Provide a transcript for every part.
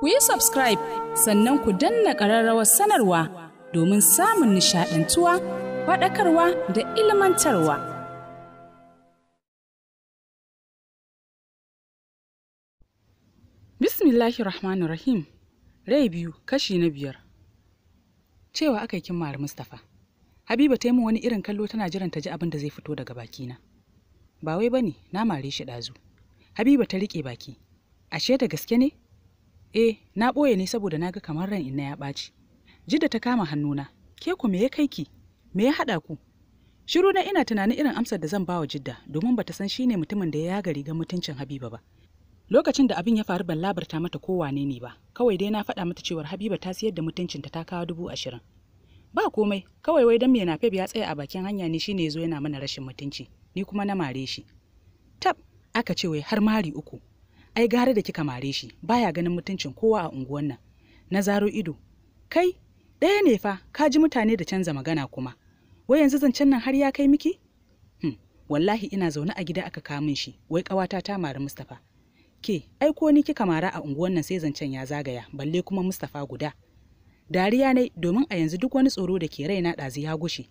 ku yi subscribe sannan ku danna ƙararrawar sanarwa domin samun nishaɗantuwa faɗakarwa da ilmantarwa. Bismillahir Rahmanir Rahim Rai biyu kashi na biyar Cewa aka yi kimar Mustapha Habiba ta yi wani irin kallo tana jiran ta ji abin da zai fito daga bakina. Ba wai bane na mare shi ɗazu. Habiba ta riƙe baki. Ashe da gaske ne? eh na ɓoye ne saboda na ga kamar ran inna ya ɓaci jidda ta kama hannuna ke ku me ya kai ki me ya haɗa ku shiru na ina tunanin irin amsar da zan bawa jidda domin bata san shine mutumin da ya yaga rigar mutuncin habiba ba lokacin da abin ya faru ban labarta mata ko wane ne ba kawai dai na faɗa mata cewar habiba ta siyar da mutuncinta ta kawo dubu ashirin ba komai kawai wai dan na feb ya tsaya a bakin hanya ne shine yazo yana mana rashin mutunci ni kuma na mare shi tab aka ce wai har mari uku ai gara da kika mare shi baya ganin mutuncin kowa a unguwan nan na zaro ido kai ɗaya ne fa ka ji mutane da canza magana kuma wai yanzu zancen nan har ya kai miki hmm. wallahi ina zaune a gida aka kamun shi wai ƙawata ta mari mustapha ke ai ko ni kika mara a unguwan nan sai zancen ya zagaya balle kuma mustapha guda dariya ne domin a yanzu duk wani tsoro da ke raina ɗazu ya gushe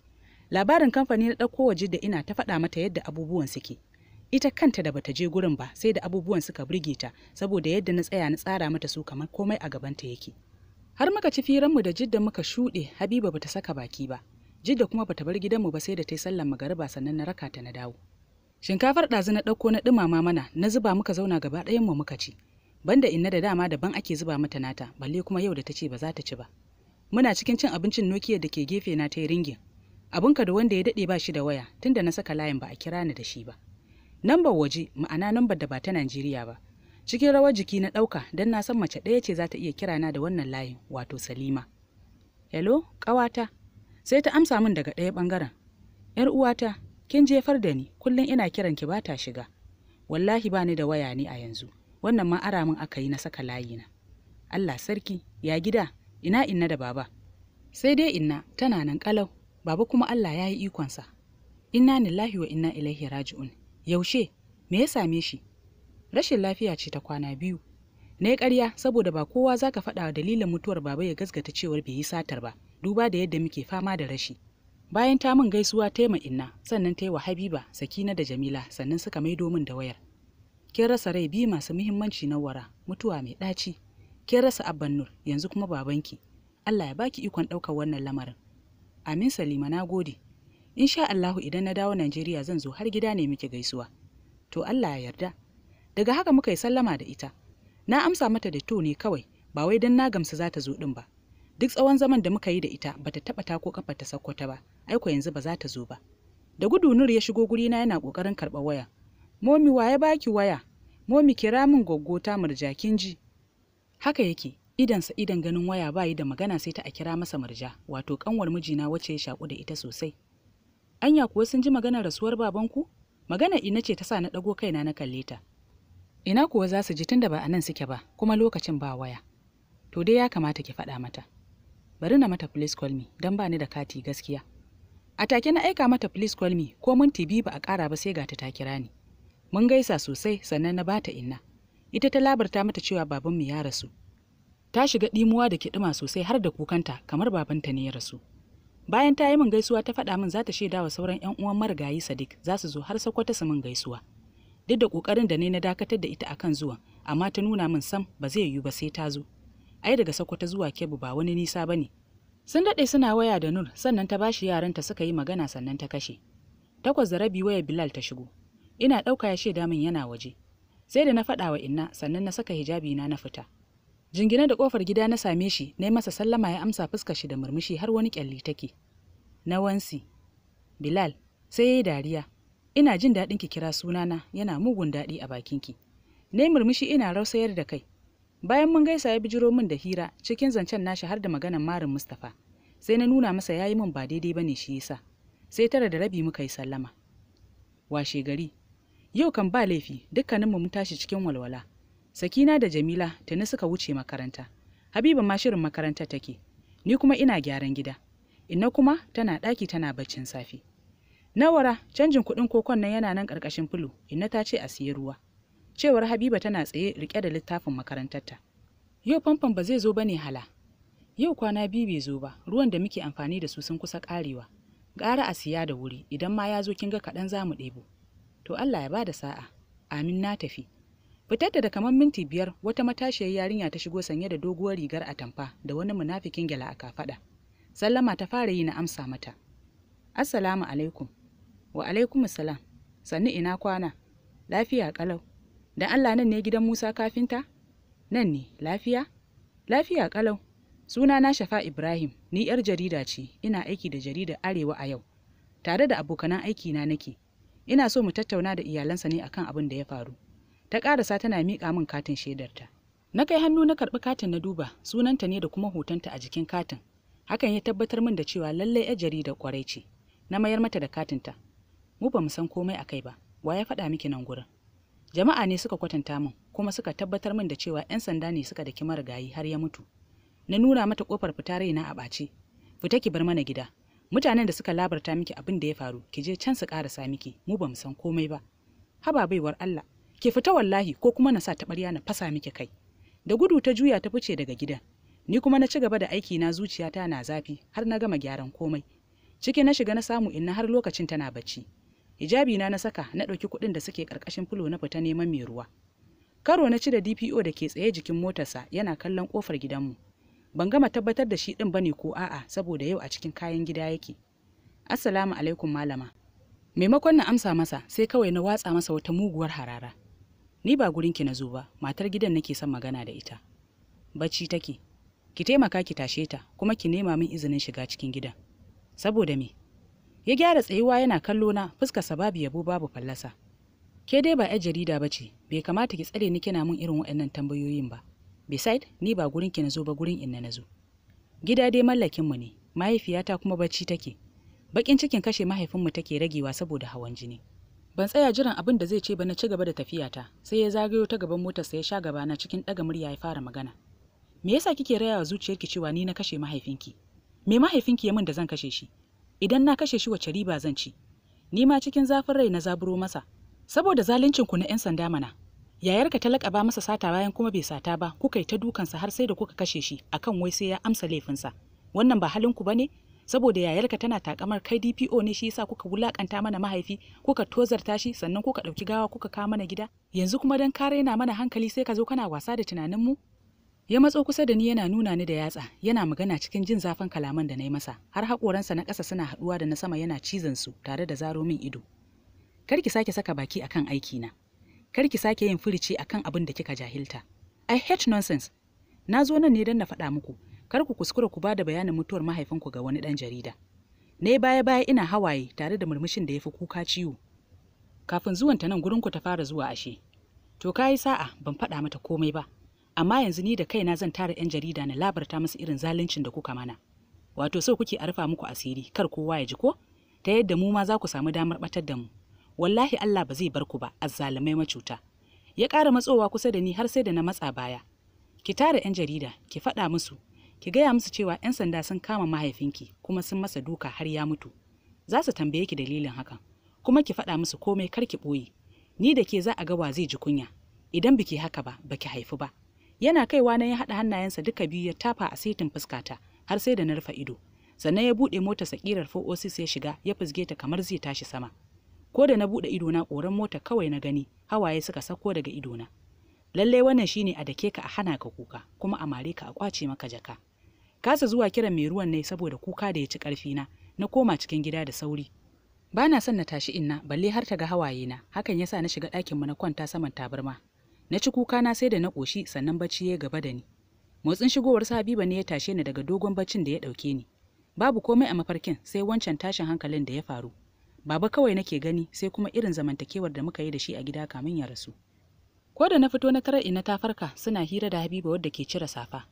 labarin kamfani na ɗauko waje da ina ta faɗa mata yadda abubuwan suke ita kanta da bata je gurin ba sai da abubuwan suka burge ta saboda yadda na tsaya na tsara mata su kamar komai a gabanta yake har muka ci firanmu da jidda muka shuɗe habiba bata saka baki ba jidda kuma bata bar gidanmu ba sai da ta yi sallan magariba sannan na raka ta na dawo shinkafar ɗazu na ɗauko na ɗumama mana na zuba muka zauna gaba ɗayan mu muka ci banda inna da dama daban ake zuba mata nata balle kuma yau da ta ce ba za ta ci ba muna cikin cin abincin nokiya da ke gefe na ta yi ringin abinka da wanda ya dade ba shi da waya tunda na saka layin ba a kira ni da shi ba Nambar waje ma'ana nambar da ba ta Najeriya ba. Cikin rawar jiki na ɗauka don na san mace ɗaya ce za ta iya kira na da wannan layin wato Salima. Hello, ƙawata. Sai ta amsa min daga ɗaya ɓangaren. ‘Yar uwata, kin jefar da ni, kullum ina kiran ki ba ta shiga. Wallahi ba ni da waya ne a yanzu. Wannan ma ara min aka yi na saka layi na. Allah sarki, ya gida, ina inna da baba. Sai dai inna tana nan kalau. baba kuma Allah ya yi ikonsa. Inna lillahi wa inna ilaihi raji'un. yaushe me ya same shi rashin lafiya ce ta kwana biyu na yi ƙarya saboda ba kowa za ka faɗa dalilin mutuwar baba ya gasgata cewar bai yi satar ba duba da yadda muke fama da rashi bayan ta min gaisuwa ta ma inna sannan ta yi wa habiba sakina da jamila sannan suka maido min da wayar kin rasa rai biyu masu muhimmanci na wara mutuwa mai ɗaci kin rasa abban nur yanzu kuma babanki allah ya baki ikon ɗaukar wannan lamarin amin salima na gode insha Allahu idan na dawo Najeriya zan zo har gida ne miki gaisuwa to Allah ya yarda daga haka muka yi sallama da ita na amsa mata da to ne kawai ba wai dan na gamsu za ta zo din ba duk tsawon zaman da muka yi da ita bata taba ta ko kafa ta sakkwata ba aiko yanzu ba za ta zo ba da gudu nur ya shigo guri na yana kokarin karba waya momi waye baki waya momi kira min goggota murja kin ji haka yake idansa idan ganin waya bayi da magana sai ta a kira masa murja wato kanwar mijina wacce ya shaku da ita sosai anya kuwa sun ji maganar rasuwar babanku magana ina ce ta sa na ɗago kaina na kalle ta ina kuwa za su ji da ba a nan suke ba kuma lokacin ba waya to dai ya kamata ki faɗa mata bari na mata please call me don ba ni da kati gaskiya a take na aika mata please call me ko minti biyu ba a ƙara ba sai ga ta kira ni mun gaisa sosai sannan na bata inna ita ta labarta mata cewa babanmu ya rasu ta shiga ɗimuwa da kiɗima sosai har da kukanta kamar babanta ne ya rasu bayan ta yi min gaisuwa ta faɗa min za ta shaida sauran 'yan uwan marigayi sadiq za su zo har sakwata su min gaisuwa duk da ƙoƙarin da ne na dakatar da ita akan zuwan amma ta nuna min sam ba zai yiwu ba sai ta zo ai daga sakwata zuwa kebu ba wani nisa ba ne sun daɗe suna waya da nur sannan ta bashi ta suka yi magana sannan ta kashe takwas da rabi waya bilal ta shigo ina ɗauka ya shaida min yana waje sai da na faɗa wa inna sannan na saka hijabi na na fita jingine da kofar gida na same shi na yi masa sallama ya amsa fuska shi da murmushi har wani kyalli take na wansi bilal sai ya yi dariya ina jin daɗin ki kira sunana yana mugun daɗi a bakinki na yi murmushi ina rausayar da kai bayan mun gaisa ya bijiro min da hira cikin zancen nashi har da maganar marin mustapha sai na nuna masa ya yi min ba daidai ba ne shi yasa sai tara da rabi muka yi sallama washe gari yau kan ba laifi dukkaninmu mu tashi cikin walwala Sakina da Jamila tuni suka wuce makaranta. Habiba ma shirin makaranta take. Ni kuma ina gyaran gida. Inna kuma tana ɗaki tana baccin safi. Nawara canjin kuɗin kokon nan yana nan ƙarƙashin fulu. Inna ta ce a siya ruwa. Cewar Habiba tana tsaye riƙe da littafin makarantarta. Yau famfon ba zai zo ba ne hala. Yau kwana biyu bai zo ba. Ruwan da muke amfani da su sun kusa ƙarewa. Gara a siya da wuri idan ma ya zo kin ga kaɗan za mu ɗebo. To Allah ya ba da sa'a. Amin na tafi. fitar da kamar minti biyar wata matashiyar yarinya ta shigo sanye da doguwar rigar atamfa da wani munafikin gyala a kafada sallama ta fara yi na amsa mata assalamu alaikum wa alaikum salam sannu ina kwana lafiya kalau dan Allah nan ne gidan Musa kafinta nan ne lafiya lafiya kalau suna na shafa Ibrahim ni yar jarida ce ina aiki da jaridar Arewa a yau tare da abokanan aiki na nake ina so mu tattauna da iyalansa ne akan abin da ya faru ta karasa tana miƙa min katin shaidarta na kai hannu na karɓi katin na duba sunanta ne da kuma hotonta a jikin katin hakan ya tabbatar min da cewa lallai yar jarida kwarai ce na mayar mata da katinta mu ba mu san komai a kai ba wa ya faɗa miki nan gurin jama'a ne suka kwatanta min kuma suka tabbatar min da cewa 'yan sanda ne suka daki marigayi har ya mutu na nuna mata kofar fita raina a ɓace fita ki bar mana gida mutanen da suka labarta miki abin da ya faru ki je can su karasa miki mu ba mu san komai ba haba baiwar Allah ke fita wallahi ko kuma na sa taɓarya na fasa miki kai da gudu ta juya ta fice daga gidan ni kuma na ci gaba da aiki na zuciyata na zafi har na gama gyaran komai ciki na shiga na samu inna har lokacin tana bacci hijabi na na saka na ɗauki kuɗin da suke ƙarƙashin fulo na fita neman mai ruwa karo na ci da DPO da ke tsaye jikin motarsa yana kallon ƙofar gidanmu ban gama tabbatar da shi ɗin ne ko a'a saboda yau a cikin kayan gida yake assalamu alaikum malama maimakon na amsa masa sai kawai na watsa masa wata muguwar harara Ni ba gurin gurinki na zo ba, matar gidan nake son magana da ita. Bacci take. Ki taimaka ki tashe ta, kuma ki nema min izinin shiga cikin gidan. Saboda me? Ya gyara tsayuwa yana kallo na fuskarsa babu yabo babu fallasa. Ke dai ba 'yar jarida ba ce, bai kamata ki tsare ni kina mun irin waɗannan tambayoyin ba. Beside, ni ba gurin ki na zo ba gurin inna na zo. Gida dai mallakin mu ne, mahaifiyata kuma bacci take. Bakin cikin kashe mahaifinmu take ragewa saboda hawan jini. ban tsaya jiran abin da zai ce ba na ci gaba da tafiyata sai ya zagayo ta gaban motarsa ya sha gaba na cikin ɗaga murya ya fara magana me yasa kike raya wa zuciyarki cewa ni na kashe mahaifinki me mahaifinki ya min da zan kashe shi idan na kashe shi wace riba zan ci ni ma cikin zafin rai na zaburo masa saboda zaluncin ku na yan sanda mana yayarka ta ba masa sata bayan kuma bai sata ba kuka yi ta dukansa har sai da kuka kashe shi akan wai sai ya amsa laifinsa wannan ba halin ku ne? saboda yayarka tana takamar kai DPO ne shi yasa kuka wulakanta mana mahaifi kuka tozarta shi sannan kuka dauki gawa kuka kawo mana gida yanzu kuma dan kare yana mana hankali sai ka zo kana wasa da tunanin mu ya matso kusa da ni yana nuna ni da yatsa yana magana cikin jin zafin kalaman da na yi masa har haƙoransa na ƙasa suna haɗuwa da na sama yana cizon su tare da zaro min ido kar ki sake saka baki akan aiki na kar ki sake yin furici akan abin da kika jahilta i hate nonsense na zo nan ne don na faɗa muku kar ku kuskura ku ba da bayanin mutuwar mahaifinku ga wani ɗan jarida na baya baya ina hawaye tare da murmushin da ya fi kuka ciwo kafin zuwan ta nan gurinku ta fara zuwa ashe to kayi sa'a ban faɗa mata komai ba amma yanzu ni da kaina zan tara 'yan jarida na labarta musu irin zaluncin da kuka mana wato sau kuke a rufa muku asiri kar kowa ya ji ko ta yadda mu ma za ku samu damar batar da mu wallahi Allah ba zai bar ku ba azzalumai macuta ya ƙara matsowa kusa da ni har sai da na matsa baya ki tara 'yan jarida ki faɗa musu ki gaya musu cewa 'yan sanda sun kama mahaifinki kuma sun masa duka har ya mutu za su tambaye ki dalilin hakan kuma ki faɗa musu komai kar ki ɓoye ni da ke za a ga wa zai ji kunya idan biki haka ba baki haifi ba yana kaiwa na ya haɗa hannayensa duka biyu ya tafa a saitin fuskata har sai da na rufe ido sannan ya buɗe mota sakirar foosis oh ya shiga ya fizge ta kamar zai tashi sama ko da na buɗe ido na ƙoran mota kawai na gani hawaye suka sauko daga ido na lallai wannan shine a dake ka a hana ka kuka kuma a mare ka a kwace maka jaka kasa zuwa kiran mai ruwan ne saboda kuka da ya ci ƙarfi na na koma cikin gida da sauri ba na son na tashi inna balle har ta ga hawaye na hakan yasa na shiga ɗakin mu na kwanta saman tabarma na ci kuka na sai da na ƙoshi sannan bacci ya gaba da ni motsin shigowar su habiba ne ya tashe ni daga dogon baccin da ya ɗauke ni babu komai a mafarkin sai wancan tashin hankalin da ya faru baba kawai nake gani sai kuma irin zamantakewar da muka yi da shi a gida kamin ya rasu ko da na fito na tara ina ta farka suna hira da habiba wadda ke cire safa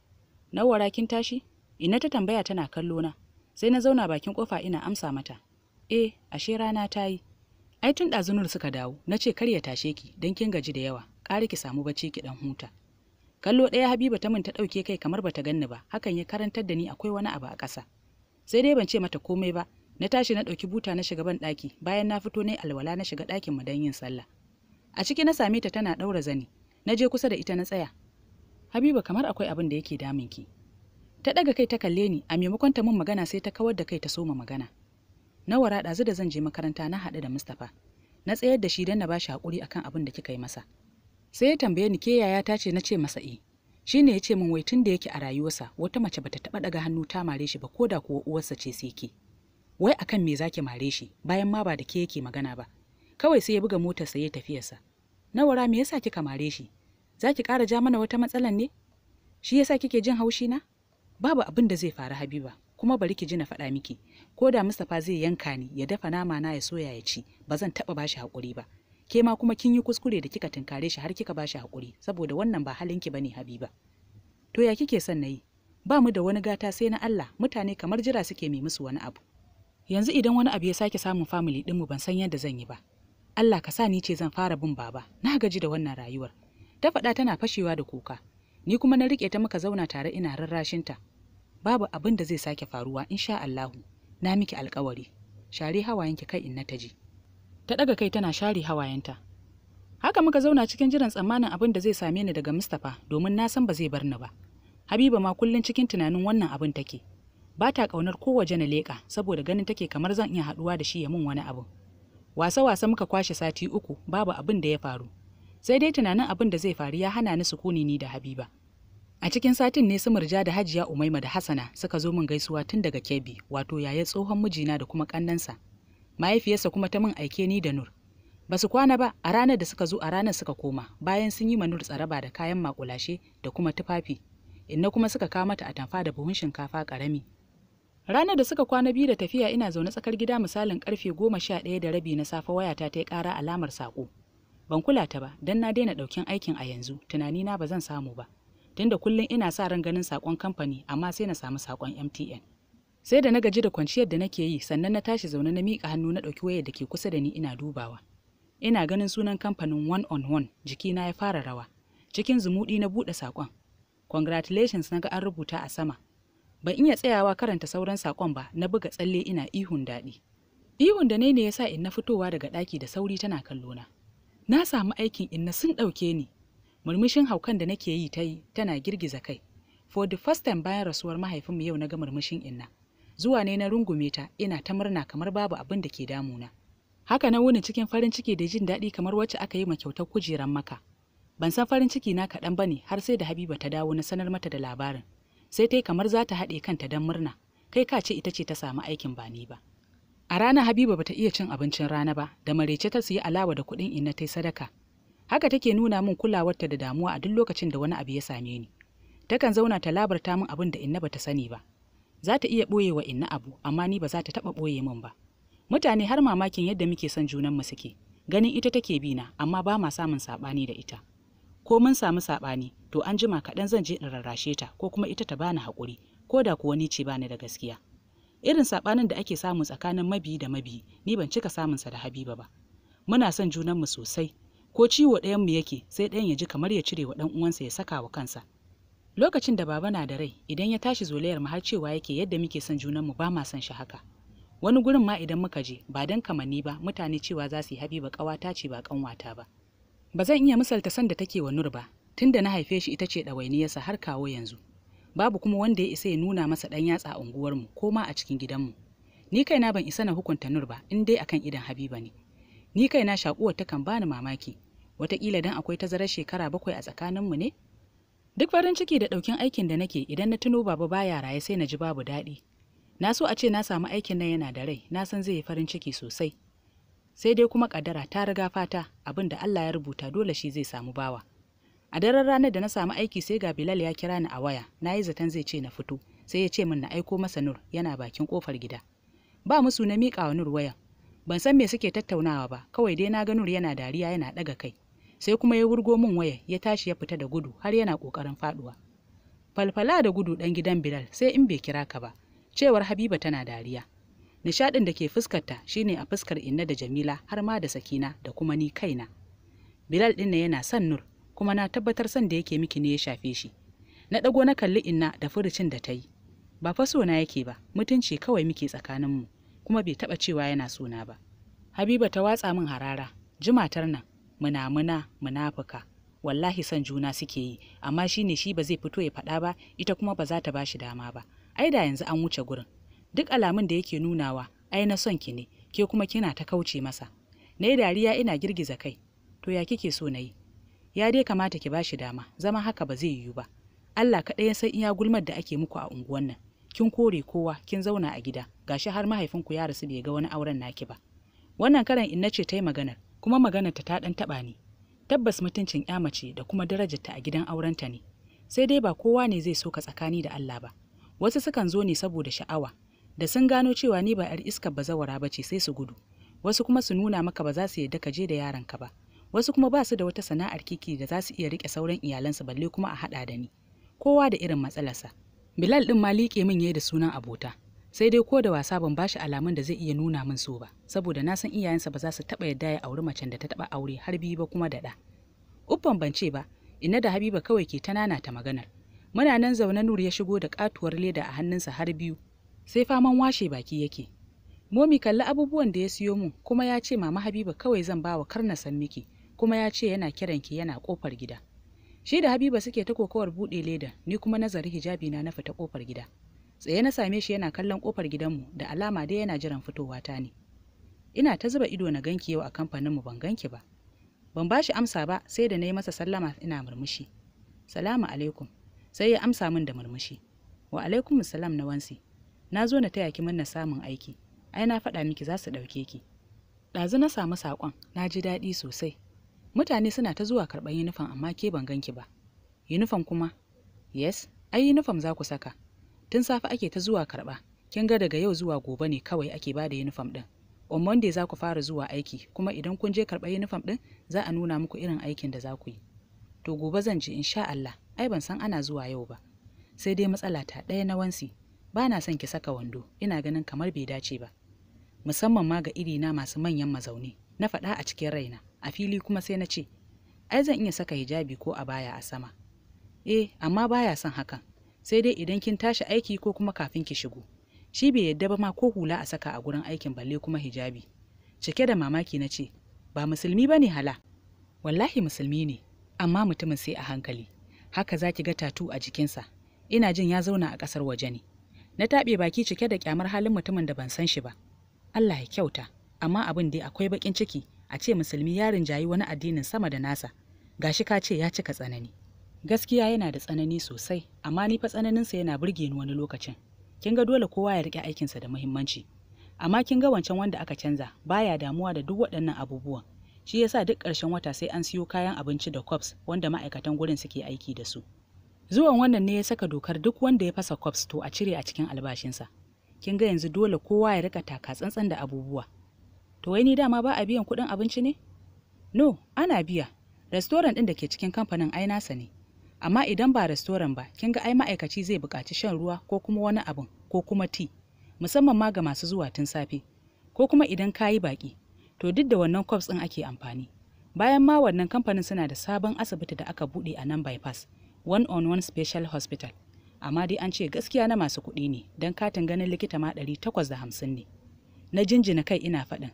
nawara kin tashi Ina ta tambaya tana kallo na. Sai na zauna bakin kofa ina amsa mata. Eh, ashe rana ta yi. Ai tun ɗazunur suka dawo, na ce kar ya tashe ki dan kin gaji da yawa, ƙara ki samu bacci ki ɗan huta. Kallo ɗaya Habiba ta mun ta ɗauke kai kamar bata ganni ba, hakan ya karantar da ni akwai wani abu a ƙasa. Sai dai ban ce mata komai ba, na tashi na ɗauki buta na shiga ban daki bayan na fito ne alwala na shiga ɗakin mu don yin sallah. A ciki na same ta tana ɗaura zani, na je kusa da ita na tsaya. Habiba kamar akwai abin da yake ki. ta ɗaga kai ta kalle ni a maimakon ta mun magana sai ta kawar da kai ta soma magana na wara ɗazu da zan je makaranta na haɗu da mustapha na tsayar da shi don na ba shi haƙuri akan abin da kika yi masa sai ya tambaye ni ke yaya ta ce na ce masa e shi ne ya ce min wai tun da yake a rayuwarsa wata mace bata taɓa ɗaga hannu ta mare shi ba ko da kuwa uwarsa ce sai ke wai akan me zaki mare shi bayan ma ba da ke yake magana ba kawai sai ya buga motar sa ya tafiyarsa nawara me yasa kika mare shi zaki ƙara ja mana wata matsalan ne shi yasa kike jin haushi na babu abin da zai faru habiba kuma bari ki ji na faɗa miki ko da mustapha zai yanka ni ya dafa nama na ya soya ya ci ba zan taɓa bashi haƙuri ba ke ma kuma kin yi kuskure da kika tunkare shi har kika bashi haƙuri saboda wannan ba halin ki bane habiba to ya kike son na yi? ba mu da wani gata sai na Allah mutane kamar jira suke mai musu wani abu yanzu idan wani abu ya sake samun family ɗinmu ban san yadda zan yi ba Allah ka sa ni ce zan fara bin baba na gaji da wannan rayuwar ta faɗa tana fashewa da kuka ni kuma na riƙe ta muka zauna tare ina rarrashinta babu abin da zai sake faruwa insha Allahu na miki alkawari share hawayenki kai in na ta taji ta ɗaga kai tana share hawayenta haka muka zauna cikin jiran tsammanin abin da zai same ni daga Mustapha domin na san ba zai bar ni ba Habiba ma kullun cikin tunanin wannan abin take ba ta kaunar kowace na leka saboda ganin take kamar zan iya haɗuwa da shi ya mun wani abu wasa wasa muka kwashe sati uku babu abin da ya faru sai dai tunanin abin da zai faru ya hana ni sukuni ni da Habiba A cikin satin ne su murja da Hajiya Umaima da Hassana suka zo min gaisuwa tun daga Kebbi, wato yaya tsohon mijina da kuma kannansa. Mahaifiyarsa kuma ta min aike ni da Nur. Ba su kwana ba a ranar da suka zo a ranar suka koma bayan sun yi ma Nur tsaraba da kayan makulashe da kuma tufafi. Inna kuma suka kawo mata tamfa da buhun shinkafa karami. Ranar da suka kwana biyu da tafiya ina zaune tsakar gida misalin karfe goma sha ɗaya da rabi na safe wayata ta yi ƙara alamar saƙo. Ban kula ta ba, don na daina ɗaukin aikin a yanzu, tunanina ba zan samu ba. tunda kullum ina sa ran ganin sakon kamfani amma sai na samu sakon MTN. Sai da na gaji da kwanciyar da nake yi sannan na tashi zaune na miƙa hannu na ɗauki wayar da ke kusa da ni ina dubawa. Ina ganin sunan kamfanin One on One na ya fara rawa. Cikin zumuɗi na buɗe sakon. Congratulations na ga an rubuta a sama. Ban iya tsayawa karanta sauran sakon ba na buga tsalle ina ihun daɗi. Ihun da ne ne ya sa in na fitowa daga ɗaki da sauri tana kallona. Na samu aikin in na sun ɗauke ni murmushin haukan da nake yi ta yi tana girgiza kai for the first time bayan rasuwar mahaifinmu yau na ga murmushin inna zuwa ne na rungume ta ina ta murna kamar babu abin da ke damuna haka na wuni cikin farin ciki da jin daɗi kamar wacce aka yi ma kyautar kujeran maka ban san farin ciki na kaɗan ba ne har sai da habiba ta dawo na sanar mata da labarin sai ta yi kamar za ta haɗe kanta don murna kai ka ce ita ce ta samu aikin ba ni ba a rana habiba bata iya cin abincin rana ba da marece ta siyi alawa da kuɗin inna ta yi sadaka haka take nuna min kulawarta da damuwa a duk lokacin da wani abu ya same ni takan zauna ta labarta min abin da inna bata sani ba za ta iya ɓoye wa inna abu amma ni ba za ta taɓa ɓoye min ba mutane har mamakin yadda muke son junan mu suke ganin ita take bi na amma ba ma samun saɓani da ita ko mun samu saɓani to an jima kaɗan zan je in rarrashe ta ko kuma ita ta bani haƙuri ko da kuwa ni ce bani da gaskiya irin saɓanin da ake samu tsakanin mabiyi da mabiyi ni ban cika samunsa da habiba ba muna son junanmu sosai ko ciwo ɗayan mu yake sai ɗayan ya ji kamar ya cire wa ɗan uwansa ya saka wa kansa lokacin da baba na da rai idan ya tashi zolayar mu har cewa yake yadda muke son junan mu ba ma son shi haka wani gurin ma idan muka je ba dan kamanni ba mutane cewa za su yi habiba ƙawata ce ba ƙanwata ba ba zan iya misalta san da take wa nur ba tunda na haife shi ita ce ɗawainiyarsa har kawo yanzu babu kuma wanda ya isa ya nuna masa ɗan yatsa a unguwarmu ko ma a cikin gidanmu ni kaina ban isa na hukunta nur ba in dai akan idan habiba ne ni kaina shakuwar ta bani mamaki wataƙila don akwai tazarar shekara bakwai a tsakaninmu ne duk farin ciki da ɗaukin aikin da nake idan na tuno babu baya raye sai na ji babu daɗi na so a ce na samu aikin nan yana da rai na san zai yi farin ciki sosai sai dai kuma ƙadara ta riga fata abin da Allah ya rubuta dole shi zai samu bawa a daren ranar da na samu aiki sai ga Bilal ya kira ni a waya na yi zaton zai ce na fito sai ya ce min na aiko masa Nur yana bakin kofar gida ba musu na miƙa wa Nur wayan ban san me suke tattaunawa ba kawai dai na ga Nur yana dariya yana ɗaga kai sai kuma ya wurgo min waya ya tashi ya fita da gudu har yana kokarin faduwa falfala da gudu dan gidan Bilal sai in bai kira ka ba cewar Habiba tana dariya nishadin da ke fuskarta shine a fuskar Inna da Jamila har ma da Sakina da kuma ni kaina Bilal din yana son Nur kuma na tabbatar son da yake miki ne ya shafe shi na dago na kalli Inna da furucin da ta yi ba fa sona yake ba mutunci kawai muke tsakaninmu kuma bai taba cewa yana sona ba Habiba ta watsa min harara jimatar nan munamuna munafuka wallahi son juna suke yi amma shi ne shi ba zai fito ya faɗa ba ita kuma ba za ta ba dama ba ai da yanzu an wuce gurin duk alamun da yake nunawa ai na son ki ne ke kuma kina ta kauce masa na dariya ina girgiza kai to ya kike so na yi ya dai kamata ki bashi dama zama haka ba zai yiwu ba Allah kaɗai ya san iya gulmar da ake muku a unguwan nan kin kore kowa kin zauna a gida gashi har mahaifinku ya rasu bai ga wani auren naki ba wannan karan in nace ta yi maganar kuma maganarta ta ɗan taɓa ni tabbas mutuncin ya mace da kuma darajarta a gidan aurenta ne sai dai ba kowa ne zai soka tsakani da Allah ba wasu sukan zo ne saboda sha'awa da sun gano cewa ni ba yar iskar bazawara ba ce sai su gudu wasu kuma su nuna maka ba za su yarda ka je da yaranka ba wasu kuma ba su da wata sana'ar kiki da za su iya rike sauran iyalansu balle kuma a haɗa da ni kowa da irin matsalarsa bilal ɗin ma liƙe min yayi da sunan abota sai dai ko da wasa ban ba shi alamun da zai iya nuna min so ba saboda na san iyayensa ba za su taɓa yadda ya auri macen da ta taɓa aure har biyu ba kuma da ɗa uffan ban ce ba ina da habiba kawai ke ta nana ta maganar muna nan zaune nur ya shigo da katuwar leda a hannunsa har biyu sai faman washe baki yake momi kalli abubuwan da ya siyo mun kuma ya ce mama habiba kawai zan bawa karna san miki kuma ya ce yana kiran ki yana kofar gida shi da habiba suke ta kokawar bude leda ni kuma nazari hijabi na na fita kofar gida tsaye na same shi yana kallon kofar gidanmu da alama dai yana jiran fitowa ta ne ina ta zuba ido na ganki yau a kamfaninmu ban ganki ba ban bashi amsa ba sai da na yi masa sallama ina murmushi salamu alaikum sai ya amsa min da murmushi wa alaikum salam na wansi na zo na taya ki na samun aiki ai na faɗa miki za su ɗauke ki ɗazu na samu saƙon na ji daɗi sosai mutane suna ta zuwa karɓar yunifom amma ke ban ganki ba yunifom kuma yes ai yunifom za ku saka tun safe ake ta zuwa karɓa kin ga daga yau zuwa gobe ne kawai ake bada uniform din on monday za ku fara zuwa aiki kuma idan kun je karɓar uniform din za a nuna muku irin aikin da za ku yi to gobe zan je insha Allah ai ban san ana zuwa yau ba sai dai matsala ta ɗaya na wansi ba na son ki saka wando ina ganin kamar bai dace ba musamman ma ga iri na masu manyan mazauni na faɗa a cikin raina a fili kuma sai na ce ai zan iya saka hijabi ko a baya a sama eh amma baya son hakan sai dai idan kin tashi aiki ko kuma kafin ki shigo shi bai yadda ba ma ko hula a saka a gurin aikin balle kuma hijabi cike da mamaki na ce ba musulmi ba ne hala wallahi musulmi ne amma mutumin sai a hankali haka za ki ga tatu a jikinsa ina jin ya zauna a ƙasar waje ne na taɓe baki cike da kyamar halin mutumin da ban san shi ba allah ya kyauta amma abin dai akwai baƙin ciki a ce musulmi ya rinjayi wani addinin sama da nasa gashi ka ce ya cika tsanani gaskiya yana da tsanani sosai amma ni fa tsananinsa yana burge ni wani lokacin kin ga dole kowa ya rike aikinsa da muhimmanci amma kin ga wancan wanda aka canza baya damuwa da duk waɗannan abubuwan shi yasa duk ƙarshen wata sai an siyo kayan abinci da cups wanda ma'aikatan gurin suke aiki da su zuwan wannan ne ya saka dokar duk wanda ya fasa cups to a cire a cikin albashinsa kin ga yanzu dole kowa ya rika taka tsantsan da abubuwa to wai ni dama ba a biyan kuɗin abinci ne no ana biya restoran ɗin da ke cikin kamfanin ai nasa ne amma idan ba restoran ba kin ga ai ma'aikaci zai buƙaci shan ruwa ko kuma wani abin ko kuma ti musamman ma ga masu zuwa tun safe ko kuma idan kayi yi baƙi to duk da wannan cups ɗin ake amfani bayan ma wannan kamfanin suna da sabon asibiti da aka buɗe a nan bypass one on one special hospital amma dai an ce gaskiya na masu kuɗi ne don katin ganin likita ma ɗari takwas da hamsin ne na jinjina kai ina faɗin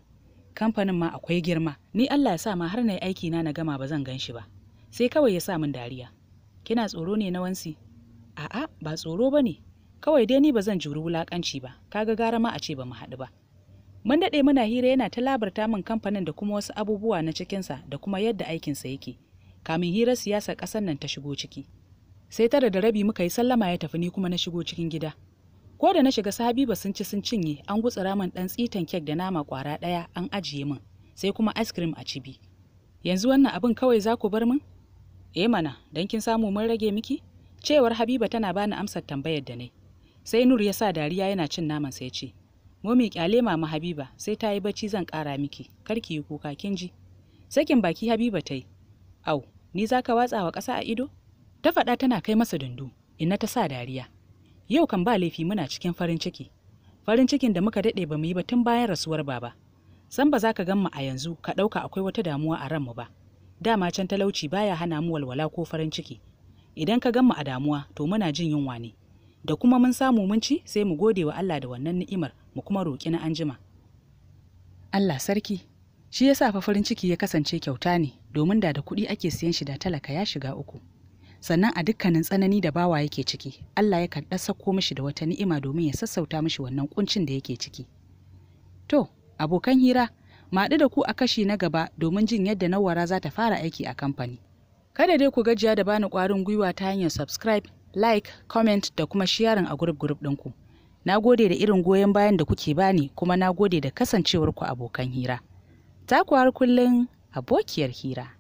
kamfanin ma akwai girma ni allah ya sa ma har na yi aiki na na gama ba zan gan shi ba sai kawai ya sa min dariya kina tsoro ne na wansi a'a ba tsoro ba ne kawai dai ni ba zan juri wulakanci ba kaga gara ma a ce ba mu haɗu ba mun daɗe muna hira yana ta labarta min kamfanin da kuma wasu abubuwa na cikinsa da kuma yadda aikinsa yake kamin hirar siyasa ƙasar nan ta shigo ciki sai tara da rabi muka yi sallama ya tafi ni kuma na shigo cikin gida ko da na shiga sabiba sun ci sun cinye an gutsura min ɗan tsitan kek da nama kwara ɗaya an ajiye min sai kuma ice cream a cibi yanzu wannan abin kawai za ku bar min eh mana don kin samu mun rage miki cewar habiba tana bani amsar tambayar da nai sai nur ya sa dariya yana cin naman sai ce momi kyale mama habiba sai ta yi bacci zan kara miki kar ki yi kuka kin ji sakin baki habiba ta yi au ni za ka watsa wa ƙasa a ido ta faɗa tana kai masa dundu inna ta sa dariya yau kan ba laifi muna cikin farin ciki farin cikin da muka daɗe ba mu yi ba tun bayan rasuwar baba san ba za ka gan mu a yanzu ka ɗauka akwai wata damuwa a ran mu ba dama can talauci baya hana mu walwala ko farin ciki idan ka gan mu a damuwa to muna jin yunwa ne da kuma mun samu mun ci sai mu gode wa Allah da wannan ni'imar mu kuma roki na anjima Allah sarki shi yasa fa farin ciki ya kasance kyauta ne domin da da kuɗi ake siyan shi da talaka ya shiga uku sannan a dukkanin tsanani da bawa yake ciki Allah ya kan sako mishi da wata ni'ima domin ya sassauta mishi wannan kuncin da yake ciki to abokan hira Maɗu da ku a kashi na gaba domin jin yadda Nawara za ta fara aiki a kamfani. Kada dai ku gajiya da bani ƙwarin gwiwa ta hanyar subscribe, like, comment da kuma sharing a group group ɗinku. Na gode da irin goyon bayan da kuke bani kuma na gode da kasancewarku abokan hira. Ta har kullum abokiyar hira.